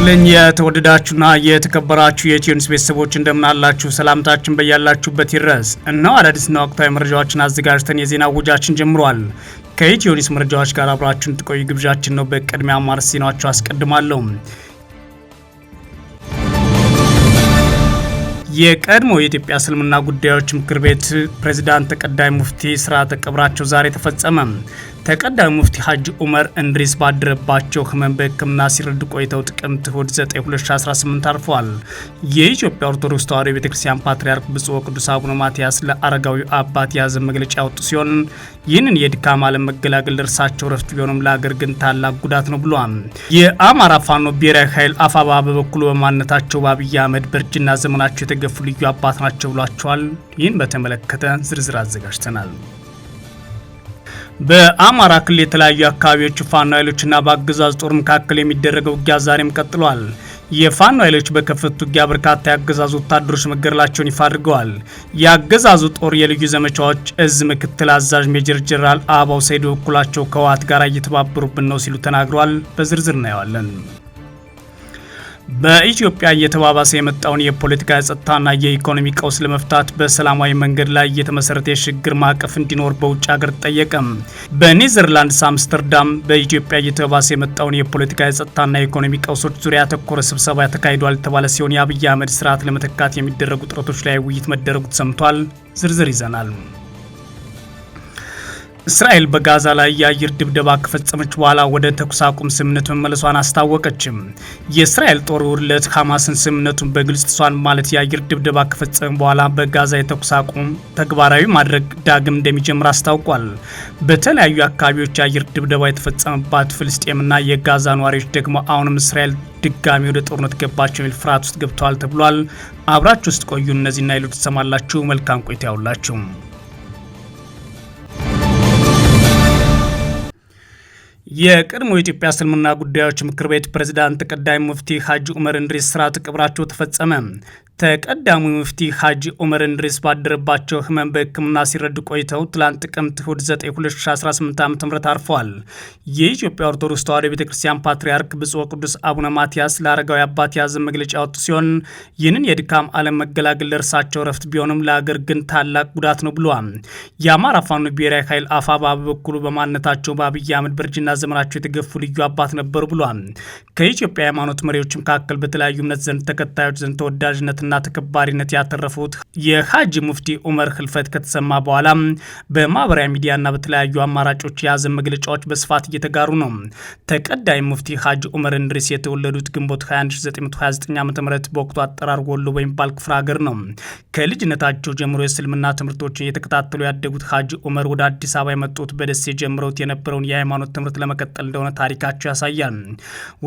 ይስጥልኝ የተወደዳችሁና የተከበራችሁ የኢትዮኒውስ ቤተሰቦች እንደምናላችሁ ሰላምታችን በያላችሁበት ይድረስ። እነሆ አዳዲስና ወቅታዊ መረጃዎችን አዘጋጅተን የዜና ውጃችን ጀምሯል። ከኢትዮኒውስ መረጃዎች ጋር አብራችሁን ትቆዩ ግብዣችን ነው። በቅድሚያ አማር ዜናዎቹ አስቀድማለሁ። የቀድሞ የኢትዮጵያ እስልምና ጉዳዮች ምክር ቤት ፕሬዚዳንት ተቀዳይ ሙፍቲ ስርዓተ ቀብራቸው ዛሬ ተፈጸመ። ተቀዳሚ ሙፍቲ ሀጅ ኡመር እንድሪስ ባደረባቸው ህመም በህክምና ሲረዱ ቆይተው ጥቅምት እሁድ 9 2018 አርፈዋል። የኢትዮጵያ ኦርቶዶክስ ተዋሕዶ ቤተክርስቲያን ፓትርያርክ ብፁዕ ወቅዱስ አቡነ ማትያስ ለአረጋዊ አባት የያዘ መግለጫ ያወጡ ሲሆን ይህንን የድካም ዓለም መገላገል ለእርሳቸው ረፍት ቢሆንም ለአገር ግን ታላቅ ጉዳት ነው ብሏል። የአማራ ፋኖ ብሔራዊ ኃይል አፋባ በበኩሉ በማንነታቸው በአብይ አህመድ በእርጅና ዘመናቸው የተገፉ ልዩ አባት ናቸው ብሏቸዋል። ይህን በተመለከተ ዝርዝር አዘጋጅተናል። በአማራ ክልል የተለያዩ አካባቢዎች ፋኖ ኃይሎችና በአገዛዝ ጦር መካከል የሚደረገው ውጊያ ዛሬም ቀጥሏል። የፋኖ ኃይሎች በከፈቱት ውጊያ በርካታ የአገዛዙ ወታደሮች መገደላቸውን ይፋ አድርገዋል። የአገዛዙ ጦር የልዩ ዘመቻዎች እዝ ምክትል አዛዥ ሜጀር ጀነራል አበባው ሰይድ በኩላቸው ከህወሓት ጋር እየተባበሩብን ነው ሲሉ ተናግረዋል። በዝርዝር እናየዋለን። በኢትዮጵያ እየተባባሰ የመጣውን የፖለቲካ ጸጥታና የኢኮኖሚ ቀውስ ለመፍታት በሰላማዊ መንገድ ላይ የተመሰረተ የሽግግር ማዕቀፍ እንዲኖር በውጭ ሀገር ጠየቀም። በኔዘርላንድስ አምስተርዳም በኢትዮጵያ እየተባባሰ የመጣውን የፖለቲካ ጸጥታና የኢኮኖሚ ቀውሶች ዙሪያ ያተኮረ ስብሰባ ተካሂዷል የተባለ ሲሆን የአብይ አህመድ ስርዓት ለመተካት የሚደረጉ ጥረቶች ላይ ውይይት መደረጉ ተሰምቷል። ዝርዝር ይዘናል። እስራኤል በጋዛ ላይ የአየር ድብደባ ከፈጸመች በኋላ ወደ ተኩስ አቁም ስምምነት መመለሷን አስታወቀችም። የእስራኤል ጦር ውርለት ሐማስን ስምምነቱን በግልጽ ጥሷን ማለት የአየር ድብደባ ከፈጸመ በኋላ በጋዛ የተኩስ አቁም ተግባራዊ ማድረግ ዳግም እንደሚጀምር አስታውቋል። በተለያዩ አካባቢዎች የአየር ድብደባ የተፈጸመባት ፍልስጤምና የጋዛ ነዋሪዎች ደግሞ አሁንም እስራኤል ድጋሚ ወደ ጦርነት ገባቸው የሚል ፍርሃት ውስጥ ገብተዋል ተብሏል። አብራችሁ ውስጥ ቆዩ። እነዚህና ይሉት ትሰማላችሁ። መልካም ቆይታ ያውላችሁ። የቀድሞ የኢትዮጵያ እስልምና ጉዳዮች ምክር ቤት ፕሬዝዳንት ቀዳሚ ሙፍቲ ሀጂ ዑመር እንድሪስ ስርዓተ ቀብራቸው ተፈጸመ። ተቀዳሚው ሙፍቲ ሐጂ ዑመር እንድሪስ ባደረባቸው ህመም በህክምና ሲረዱ ቆይተው ትላንት ጥቅምት እሁድ 9 2018 ዓ ም አርፈዋል። የኢትዮጵያ ኦርቶዶክስ ተዋሕዶ ቤተ ክርስቲያን ፓትርያርክ ብፁዕ ቅዱስ አቡነ ማትያስ ለአረጋዊ አባት የሐዘን መግለጫ ያወጡ ሲሆን ይህንን የድካም ዓለም መገላገል ለእርሳቸው ረፍት ቢሆንም ለአገር ግን ታላቅ ጉዳት ነው ብሏል። የአማራ ፋኖ ብሔራዊ ኃይል አፋባ በበኩሉ በማንነታቸው በአብይ አህመድ በእርጅና ዘመናቸው የተገፉ ልዩ አባት ነበሩ ብሏል። ከኢትዮጵያ ሃይማኖት መሪዎች መካከል በተለያዩ እምነት ዘንድ ተከታዮች ዘንድ ተወዳጅነትና እውቅናና ተከባሪነት ያተረፉት የሀጂ ሙፍቲ ኡመር ህልፈት ከተሰማ በኋላ በማህበራዊ ሚዲያና በተለያዩ አማራጮች የያዘ መግለጫዎች በስፋት እየተጋሩ ነው። ተቀዳሚ ሙፍቲ ሀጂ ኡመር እንድሪስ የተወለዱት ግንቦት 21929 ዓ ም በወቅቱ አጠራር ወሎ በሚባል ክፍለ ሀገር ነው። ከልጅነታቸው ጀምሮ የእስልምና ትምህርቶችን እየተከታተሉ ያደጉት ሀጂ ኡመር ወደ አዲስ አበባ የመጡት በደሴ ጀምረውት የነበረውን የሃይማኖት ትምህርት ለመቀጠል እንደሆነ ታሪካቸው ያሳያል።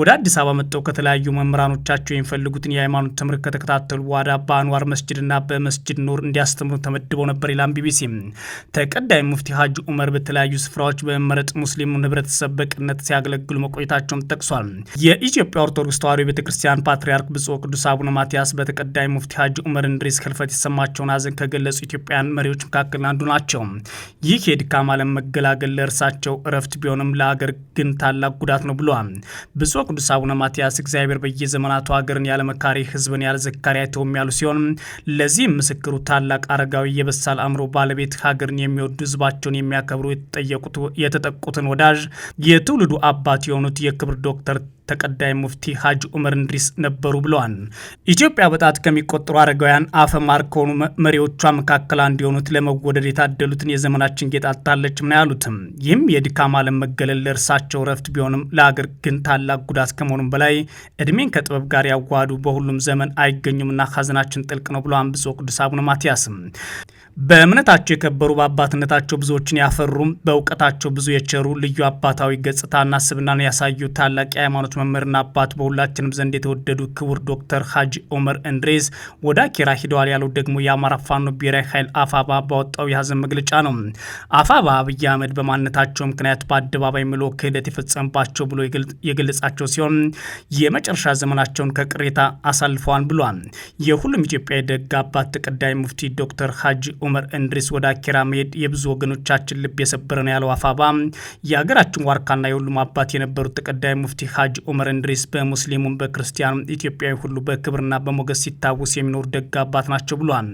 ወደ አዲስ አበባ መጥተው ከተለያዩ መምህራኖቻቸው የሚፈልጉትን የሃይማኖት ትምህርት ከተከታተሉ አዋዳ በአንዋር መስጅድና በመስጅድ ኑር እንዲያስተምሩ ተመድበው ነበር ይላም ቢቢሲ። ተቀዳሚ ሙፍቲ ሀጅ ኡመር በተለያዩ ስፍራዎች በመመረጥ ሙስሊሙ ህብረተሰብ በቅነት ሲያገለግሉ መቆየታቸውን ጠቅሷል። የኢትዮጵያ ኦርቶዶክስ ተዋሕዶ ቤተ ክርስቲያን ፓትርያርክ ብፁዕ ቅዱስ አቡነ ማትያስ በተቀዳሚ ሙፍቲ ሀጅ ዑመር እንድሪስ ህልፈት የሰማቸውን ሀዘን ከገለጹ ኢትዮጵያውያን መሪዎች መካከል አንዱ ናቸው። ይህ የድካም ዓለም መገላገል ለእርሳቸው እረፍት ቢሆንም ለአገር ግን ታላቅ ጉዳት ነው ብለዋል። ብፁዕ ቅዱስ አቡነ ማትያስ እግዚአብሔር በየዘመናቱ ሀገርን ያለመካሪ ህዝብን ያለ የላቸውም ያሉ ሲሆን ለዚህም ምስክሩ ታላቅ አረጋዊ የበሳል አእምሮ ባለቤት ሀገርን የሚወዱ ህዝባቸውን የሚያከብሩ የተጠቁትን ወዳጅ የትውልዱ አባት የሆኑት የክብር ዶክተር ተቀዳይ ሙፍቲ ሀጅ ዑመር እንድሪስ ነበሩ ብለዋል። ኢትዮጵያ በጣት ከሚቆጠሩ አረጋውያን አፈማር ከሆኑ መሪዎቿ መካከል አንዱ የሆኑት ለመወደድ የታደሉትን የዘመናችን ጌጥ አጣለች ነው ያሉትም። ይህም የድካም ዓለም መገለል ለእርሳቸው ረፍት ቢሆንም ለአገር ግን ታላቅ ጉዳት ከመሆኑም በላይ እድሜን ከጥበብ ጋር ያዋሃዱ በሁሉም ዘመን አይገኙምና ሀዘናችን ጥልቅ ነው ብለዋል ብፁዕ ቅዱስ አቡነ ማትያስም። በእምነታቸው የከበሩ በአባትነታቸው ብዙዎችን ያፈሩም በእውቀታቸው ብዙ የቸሩ ልዩ አባታዊ ገጽታና ስብናን ያሳዩ ታላቅ የሃይማኖት የሃይማኖት መምህርና አባት በሁላችንም ዘንድ የተወደዱ ክቡር ዶክተር ሀጂ ኦመር እንድሬስ ወደ አኪራ ሂደዋል ያለው ደግሞ የአማራ ፋኖ ብሔራዊ ኃይል አፋባ ባወጣው የሀዘን መግለጫ ነው። አፋባ አብይ አህመድ በማንነታቸው ምክንያት በአደባባይ ምሎ ክህደት የፈጸምባቸው ብሎ የገለጻቸው ሲሆን የመጨረሻ ዘመናቸውን ከቅሬታ አሳልፈዋል ብሏል። የሁሉም ኢትዮጵያ የደግ አባት ተቀዳሚ ሙፍቲ ዶክተር ሀጂ ኦመር እንድሪስ ወደ አኪራ መሄድ የብዙ ወገኖቻችን ልብ የሰበረ ነው ያለው አፋባ የሀገራችን ዋርካና የሁሉም አባት የነበሩት ተቀዳሚ ሙፍቲ ሀጂ ኡመር እንድሪስ በሙስሊሙም በክርስቲያኑ ኢትዮጵያዊ ሁሉ በክብርና በሞገስ ሲታወስ የሚኖሩ ደግ አባት ናቸው ብሏል።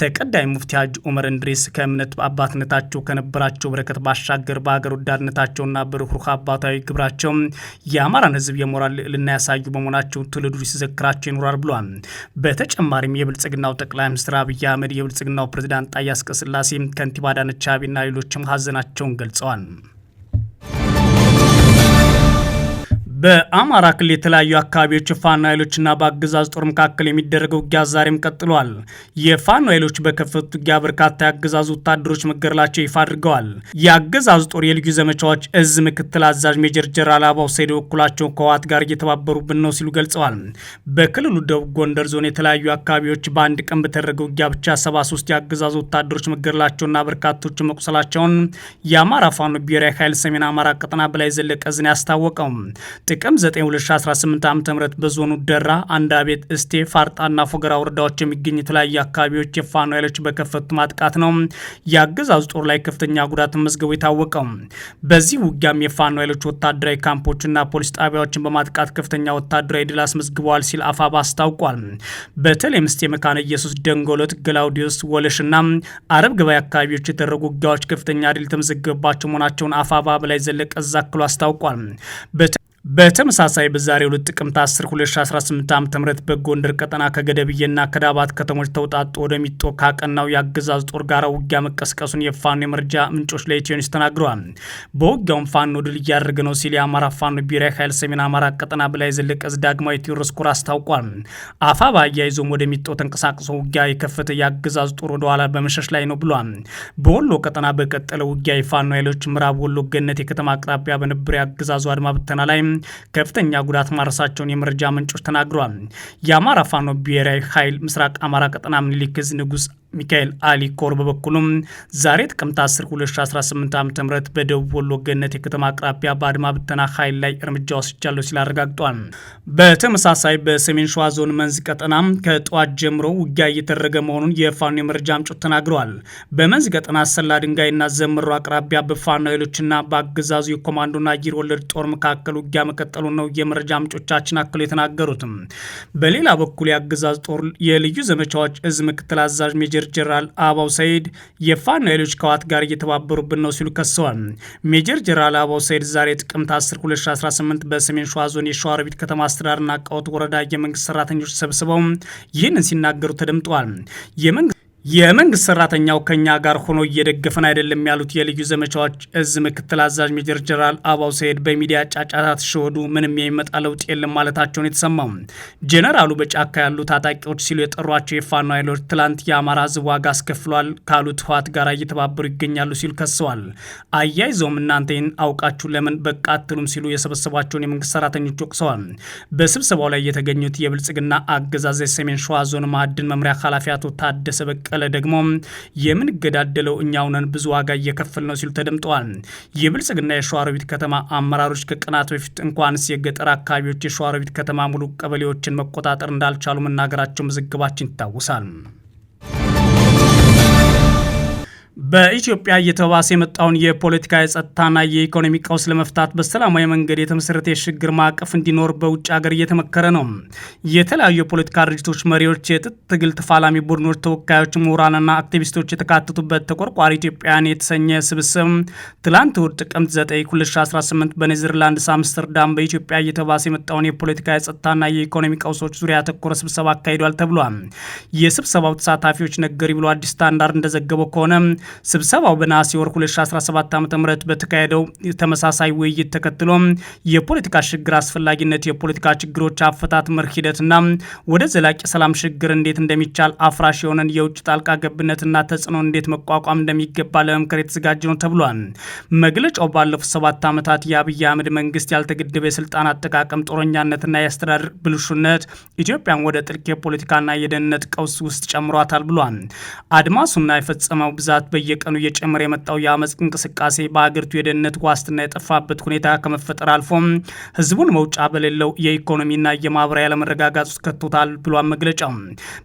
ተቀዳሚ ሙፍቲ ሀጅ ኡመር እንድሪስ ከእምነት አባትነታቸው ከነበራቸው በረከት ባሻገር በሀገር ወዳድነታቸውና በርኅሩህ አባታዊ ግብራቸው የአማራን ህዝብ የሞራል ልዕልና ያሳዩ በመሆናቸው ትውልዱ ሲዘክራቸው ይኖራል ብሏል። በተጨማሪም የብልጽግናው ጠቅላይ ሚኒስትር አብይ አህመድ፣ የብልጽግናው ፕሬዚዳንት ጣይቱ አጽቀሥላሴ፣ ከንቲባ አዳነች አቤቤና ሌሎችም ሀዘናቸውን ገልጸዋል። በአማራ ክልል የተለያዩ አካባቢዎች የፋኖ ኃይሎችና በአገዛዝ ጦር መካከል የሚደረገው ውጊያ ዛሬም ቀጥሏል። የፋኖ ኃይሎች በከፈቱት ውጊያ በርካታ የአገዛዙ ወታደሮች መገደላቸው ይፋ አድርገዋል። የአገዛዙ ጦር የልዩ ዘመቻዎች እዝ ምክትል አዛዥ ሜጀር ጀነራል አበባው ሰይድ በኩላቸው ከህወሓት ጋር እየተባበሩብን ነው ሲሉ ገልጸዋል። በክልሉ ደቡብ ጎንደር ዞን የተለያዩ አካባቢዎች በአንድ ቀን በተደረገ ውጊያ ብቻ 73 የአገዛዙ ወታደሮች መገደላቸውና በርካቶች መቁሰላቸውን የአማራ ፋኖ ብሔራዊ ኃይል ሰሜን አማራ ቀጠና በላይ ዘለቀ ዝን ያስታወቀው ጥቅም 92018 ዓ ም በዞኑ ደራ አቤት እስቴ ፋርጣና ፎገራ ወረዳዎች የሚገኙ የተለያዩ አካባቢዎች የፋኖ ኃይሎች በከፈቱት ማጥቃት ነው የአገዛዙ ጦር ላይ ከፍተኛ ጉዳት መዝገቡ የታወቀው። በዚህ ውጊያም የፋኖ ኃይሎች ወታደራዊ ካምፖችና ፖሊስ ጣቢያዎችን በማጥቃት ከፍተኛ ወታደራዊ ድል አስመዝግበዋል ሲል አፋባ አስታውቋል። በተለይም እስቴ መካነ ኢየሱስ፣ ደንጎሎት፣ ገላውዲዮስ፣ ወለሽና አረብ ገበያ አካባቢዎች የተደረጉ ውጊያዎች ከፍተኛ ድል የተመዘገበባቸው መሆናቸውን አፋባ በላይ ዘለቀ ዛክሎ አስታውቋል። በተመሳሳይ በዛሬ ሁለት ጥቅምት 10 2018 ዓ ም በጎንደር ቀጠና ከገደብዬና ከዳባት ከተሞች ተውጣጡ ወደሚጦ ካቀናው የአገዛዝ ጦር ጋር ውጊያ መቀስቀሱን የፋኖ የመረጃ ምንጮች ለኢትዮ ኒውስ ተናግረዋል። በውጊያውም ፋኖ ድል እያደረገ ነው ሲል የአማራ ፋኖ ብሔራዊ ኃይል ሰሜን አማራ ቀጠና በላይ ዘለቀ ዕዝ ዳግማዊ ቴዎድሮስ ኮር አስታውቋል። አፋባ አያይዞም ወደሚጦ ተንቀሳቅሶ ውጊያ የከፈተ የአገዛዝ ጦር ወደኋላ በመሸሽ ላይ ነው ብሏል። በወሎ ቀጠና በቀጠለ ውጊያ የፋኖ ኃይሎች ምዕራብ ወሎ ገነት የከተማ አቅራቢያ በነበረ የአገዛዙ አድማ ብተና ላይ ከፍተኛ ጉዳት ማድረሳቸውን የመረጃ ምንጮች ተናግረዋል። የአማራ ፋኖ ብሔራዊ ኃይል ምስራቅ አማራ ቀጠና ምኒልክ ዕዝ ንጉስ ሚካኤል አሊ ኮር በበኩሉም ዛሬ ጥቅምት 10 2018 ዓ ም በደቡብ ወሎ ገነት የከተማ አቅራቢያ በአድማ ብተና ኃይል ላይ እርምጃ ወስጃለሁ ሲል አረጋግጧል። በተመሳሳይ በሰሜን ሸዋ ዞን መንዝ ቀጠና ከጠዋት ጀምሮ ውጊያ እየተደረገ መሆኑን የፋኖ የመረጃ ምንጮች ተናግረዋል። በመንዝ ቀጠና ሰላ ድንጋይና ዘምሮ አቅራቢያ በፋኖ ኃይሎችና በአገዛዙ የኮማንዶና አየር ወለድ ጦር መካከል ውጊያ መቀጠሉ ነው የመረጃ ምንጮቻችን አክሎ የተናገሩትም። በሌላ በኩል የአገዛዝ ጦር የልዩ ዘመቻዎች እዝ ምክትል አዛዥ ሜጀር ጀራል አባው ሰይድ የፋኖ ኃይሎች ከዋት ጋር እየተባበሩብን ነው ሲሉ ከሰዋል። ሜጀር ጀነራል አባው ሰይድ ዛሬ ጥቅምት 10 2018 በሰሜን ሸዋ ዞን የሸዋሮቢት ከተማ አስተዳደርና ቃውት ወረዳ የመንግስት ሰራተኞች ሰብስበው ይህንን ሲናገሩ ተደምጠዋል። የመንግስት ሰራተኛው ከኛ ጋር ሆኖ እየደገፈን አይደለም ያሉት የልዩ ዘመቻዎች እዝ ምክትል አዛዥ ሜጀር ጀነራል አባው ሰይድ በሚዲያ ጫጫታ ተሸወዱ፣ ምንም የሚመጣ ለውጥ የለም ማለታቸውን የተሰማው ጀነራሉ በጫካ ያሉ ታጣቂዎች ሲሉ የጠሯቸው የፋኖ ኃይሎች ትላንት የአማራ ህዝብ ዋጋ አስከፍሏል ካሉት ህወሓት ጋር እየተባበሩ ይገኛሉ ሲሉ ከሰዋል። አያይዘውም እናንተ ይህን አውቃችሁ ለምን በቃትሉም ሲሉ የሰበሰቧቸውን የመንግስት ሰራተኞች ወቅሰዋል። በስብሰባው ላይ የተገኙት የብልጽግና አገዛዝ የሰሜን ሸዋ ዞን ማዕድን መምሪያ ኃላፊ አቶ ታደሰ በቀ በቀለ ደግሞ የምንገዳደለው እኛው ነን ብዙ ዋጋ እየከፈል ነው ሲሉ ተደምጠዋል። የብልጽግና የሸዋሮቢት ከተማ አመራሮች ከቀናት በፊት እንኳንስ የገጠር አካባቢዎች የሸዋሮቢት ከተማ ሙሉ ቀበሌዎችን መቆጣጠር እንዳልቻሉ መናገራቸው መዘገባችን ይታወሳል። በኢትዮጵያ እየተባሰ የመጣውን የፖለቲካ የጸጥታና የኢኮኖሚ ቀውስ ለመፍታት በሰላማዊ መንገድ የተመሰረተ የሽግግር ማዕቀፍ እንዲኖር በውጭ ሀገር እየተመከረ ነው። የተለያዩ የፖለቲካ ድርጅቶች መሪዎች፣ የጥጥ ትግል ተፋላሚ ቡድኖች ተወካዮች፣ ምሁራንና አክቲቪስቶች የተካተቱበት ተቆርቋሪ ኢትዮጵያውያን የተሰኘ ስብስብ ትላንት እሁድ ጥቅምት 9 2018 በኔዘርላንድ አምስተርዳም በኢትዮጵያ እየተባሰ የመጣውን የፖለቲካ የጸጥታና የኢኮኖሚ ቀውሶች ዙሪያ ያተኮረ ስብሰባ አካሂዷል ተብሏል። የስብሰባው ተሳታፊዎች ነገሪ ብሎ አዲስ ስታንዳርድ እንደዘገበው ከሆነ ስብሰባው በነሐሴ ወር 2017 ዓ ም በተካሄደው ተመሳሳይ ውይይት ተከትሎ የፖለቲካ ሽግግር አስፈላጊነት፣ የፖለቲካ ችግሮች አፈታት መርህ ሂደትና ወደ ዘላቂ ሰላም ሽግግር እንዴት እንደሚቻል አፍራሽ የሆነን የውጭ ጣልቃ ገብነትና ተጽዕኖ እንዴት መቋቋም እንደሚገባ ለመምከር የተዘጋጀ ነው ተብሏል። መግለጫው ባለፉት ሰባት ዓመታት የአብይ አህመድ መንግስት ያልተገደበ የስልጣን አጠቃቀም ጦረኛነትና የአስተዳደር ብልሹነት ኢትዮጵያን ወደ ጥልቅ የፖለቲካና የደህንነት ቀውስ ውስጥ ጨምሯታል ብሏል። አድማሱና የፈጸመው ብዛት በየቀኑ እየጨመረ የመጣው የአመፅ እንቅስቃሴ በሀገሪቱ የደህንነት ዋስትና የጠፋበት ሁኔታ ከመፈጠር አልፎም ህዝቡን መውጫ በሌለው የኢኮኖሚና የማህበራዊ አለመረጋጋት ውስጥ ከቶታል ብሏል መግለጫው።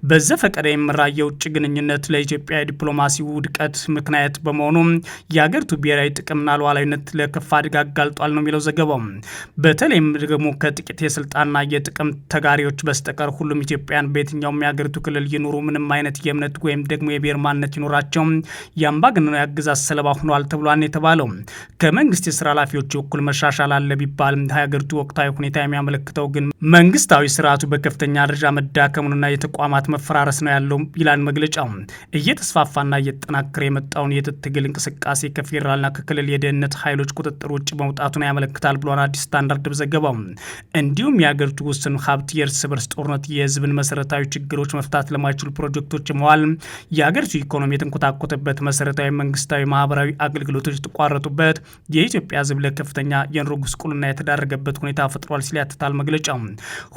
በዘፈቀደ የሚመራ የውጭ ግንኙነት ለኢትዮጵያ የዲፕሎማሲ ውድቀት ምክንያት በመሆኑ የሀገሪቱ ብሔራዊ ጥቅምና ሉዓላዊነት ለከፋ አደጋ አጋልጧል ነው የሚለው ዘገባው። በተለይም ደግሞ ከጥቂት የስልጣንና የጥቅም ተጋሪዎች በስተቀር ሁሉም ኢትዮጵያን በየትኛውም የሀገሪቱ ክልል ይኑሩ ምንም አይነት የእምነት ወይም ደግሞ የብሔር ማንነት ይኖራቸው የአምባገነናዊ አገዛዝ ሰለባ ሆኗል ተብሏን የተባለው ከመንግስት የስራ ኃላፊዎች በኩል መሻሻል አለ ቢባል የሀገሪቱ ወቅታዊ ሁኔታ የሚያመለክተው ግን መንግስታዊ ስርዓቱ በከፍተኛ ደረጃ መዳከሙንና የተቋማት መፈራረስ ነው ያለው ይላል መግለጫው። እየተስፋፋና እየተጠናከረ የመጣውን የትግል እንቅስቃሴ ከፌዴራልና ከክልል የደህንነት ኃይሎች ቁጥጥር ውጭ መውጣቱን ያመለክታል ብሏን አዲስ ስታንዳርድ ዘገባው። እንዲሁም የሀገሪቱ ውስን ሀብት የእርስ በርስ ጦርነት የህዝብን መሰረታዊ ችግሮች መፍታት ለማይችሉ ፕሮጀክቶች መዋል የሀገሪቱ ኢኮኖሚ የተንኮታኮተበት መሰረታዊ መንግስታዊ፣ ማህበራዊ አገልግሎቶች የተቋረጡበት የኢትዮጵያ ህዝብ ለከፍተኛ የኑሮ ጉስቁልና የተዳረገበት ሁኔታ ፈጥሯል ሲል ያትታል መግለጫው።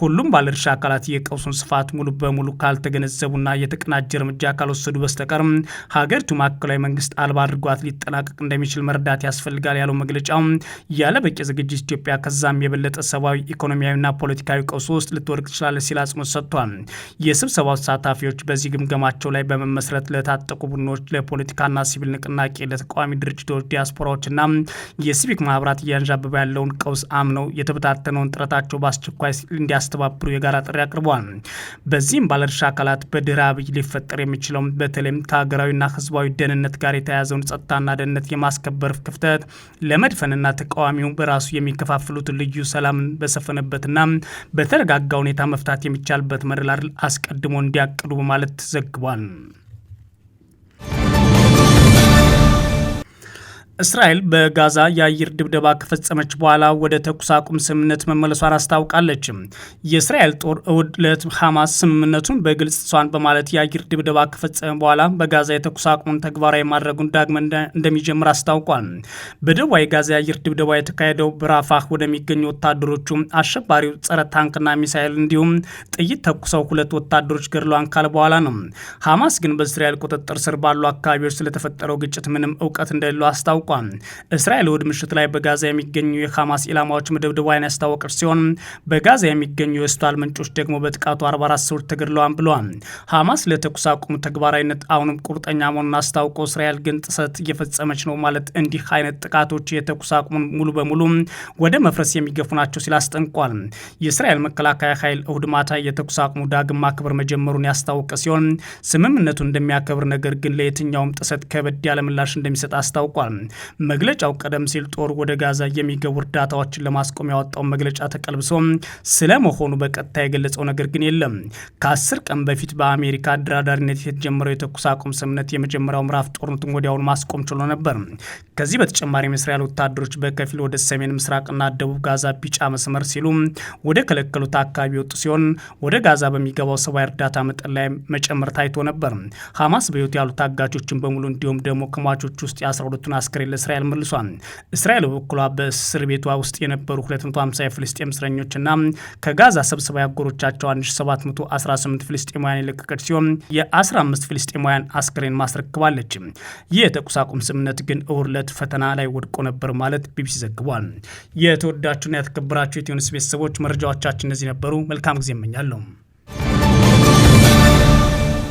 ሁሉም ባለድርሻ አካላት የቀውሱን ስፋት ሙሉ በሙሉ ካልተገነዘቡና የተቀናጀ እርምጃ ካልወሰዱ በስተቀር ሀገሪቱ ማዕከላዊ መንግስት አልባ አድርጓት ሊጠናቀቅ እንደሚችል መርዳት ያስፈልጋል ያለው መግለጫው ያለ በቂ ዝግጅት ኢትዮጵያ ከዛም የበለጠ ሰብአዊ፣ ኢኮኖሚያዊና ፖለቲካዊ ቀውስ ውስጥ ልትወርቅ ትችላለች ሲል አጽንኦት ሰጥቷል። የስብሰባው ተሳታፊዎች በዚህ ግምገማቸው ላይ በመመስረት ለታጠቁ ቡድኖች ለፖለቲ ፖለቲካና ሲቪል ንቅናቄ ለተቃዋሚ ድርጅቶች ዲያስፖራዎችና የሲቪክ ማህበራት እያንዣበበ ያለውን ቀውስ አምነው የተበታተነውን ጥረታቸው በአስቸኳይ እንዲያስተባብሩ የጋራ ጥሪ አቅርበዋል። በዚህም ባለድርሻ አካላት በድህረ አብይ ሊፈጠር የሚችለው በተለይም ከሀገራዊና ህዝባዊ ደህንነት ጋር የተያያዘውን ጸጥታና ደህንነት የማስከበር ክፍተት ለመድፈንና ተቃዋሚው በራሱ የሚከፋፍሉትን ልዩ ሰላም በሰፈነበትና በተረጋጋ ሁኔታ መፍታት የሚቻልበት መደላድል አስቀድሞ እንዲያቅዱ በማለት ዘግቧል። እስራኤል በጋዛ የአየር ድብደባ ከፈጸመች በኋላ ወደ ተኩስ አቁም ስምምነት መመለሷን አስታውቃለች። የእስራኤል ጦር እሁድ ዕለት ሐማስ ስምምነቱን በግልጽ ጥሷን በማለት የአየር ድብደባ ከፈጸመ በኋላ በጋዛ የተኩስ አቁሙን ተግባራዊ ማድረጉን ዳግመ እንደሚጀምር አስታውቋል። በደቡብ ጋዛ የአየር ድብደባ የተካሄደው በራፋህ ወደሚገኙ ወታደሮቹ አሸባሪው ጸረ ታንክና ሚሳይል እንዲሁም ጥይት ተኩሰው ሁለት ወታደሮች ገድለዋን ካለ በኋላ ነው። ሐማስ ግን በእስራኤል ቁጥጥር ስር ባሉ አካባቢዎች ስለተፈጠረው ግጭት ምንም እውቀት እንደሌለው አስታውቋል። አስታውቋል። እስራኤል እሁድ ምሽት ላይ በጋዛ የሚገኙ የሐማስ ኢላማዎች መደብደቧን ያስታወቀች ሲሆን በጋዛ የሚገኙ የስቷል ምንጮች ደግሞ በጥቃቱ 44 ሰዎች ተገድለዋል ብለዋል። ሐማስ ለተኩስ አቁም ተግባራዊነት አሁንም ቁርጠኛ መሆኑን አስታውቆ እስራኤል ግን ጥሰት እየፈጸመች ነው ማለት እንዲህ አይነት ጥቃቶች የተኩስ አቁሙን ሙሉ በሙሉ ወደ መፍረስ የሚገፉ ናቸው ሲል አስጠንቋል። የእስራኤል መከላከያ ኃይል እሁድ ማታ የተኩስ አቁሙ ዳግም ማክበር መጀመሩን ያስታወቀ ሲሆን ስምምነቱ እንደሚያከብር ነገር ግን ለየትኛውም ጥሰት ከበድ ያለ ምላሽ እንደሚሰጥ አስታውቋል። መግለጫው ቀደም ሲል ጦር ወደ ጋዛ የሚገቡ እርዳታዎችን ለማስቆም ያወጣውን መግለጫ ተቀልብሶ ስለመሆኑ በቀጥታ የገለጸው ነገር ግን የለም። ከአስር ቀን በፊት በአሜሪካ አደራዳሪነት የተጀመረው የተኩስ አቁም ስምምነት የመጀመሪያው ምዕራፍ ጦርነቱን ወዲያውኑ ማስቆም ችሎ ነበር። ከዚህ በተጨማሪ የእስራኤል ወታደሮች በከፊል ወደ ሰሜን ምስራቅና ደቡብ ጋዛ ቢጫ መስመር ሲሉ ወደ ከለከሉት አካባቢ የወጡ ሲሆን ወደ ጋዛ በሚገባው ሰብአዊ እርዳታ መጠን ላይ መጨመር ታይቶ ነበር። ሐማስ በሕይወት ያሉ ታጋቾችን በሙሉ እንዲሁም ደግሞ ከሟቾች ውስጥ የ12ቱን አስክሬ ዛሬ ለእስራኤል መልሷል። እስራኤል በበኩሏ በእስር ቤቷ ውስጥ የነበሩ 250 የፍልስጤም እስረኞችና ከጋዛ ሰብስባ ያጎሮቻቸው 1718 ፍልስጤማውያን የለቀቀች ሲሆን የ15 ፍልስጤማውያን አስክሬን ማስረክባለች። ይህ የተኩስ አቁም ስምምነት ግን እሁድ ዕለት ፈተና ላይ ወድቆ ነበር ማለት ቢቢሲ ዘግቧል። የተወዳችሁና የተከበራችሁ የኢትዮ ኒውስ ቤተሰቦች መረጃዎቻችን እነዚህ ነበሩ። መልካም ጊዜ እመኛለሁ።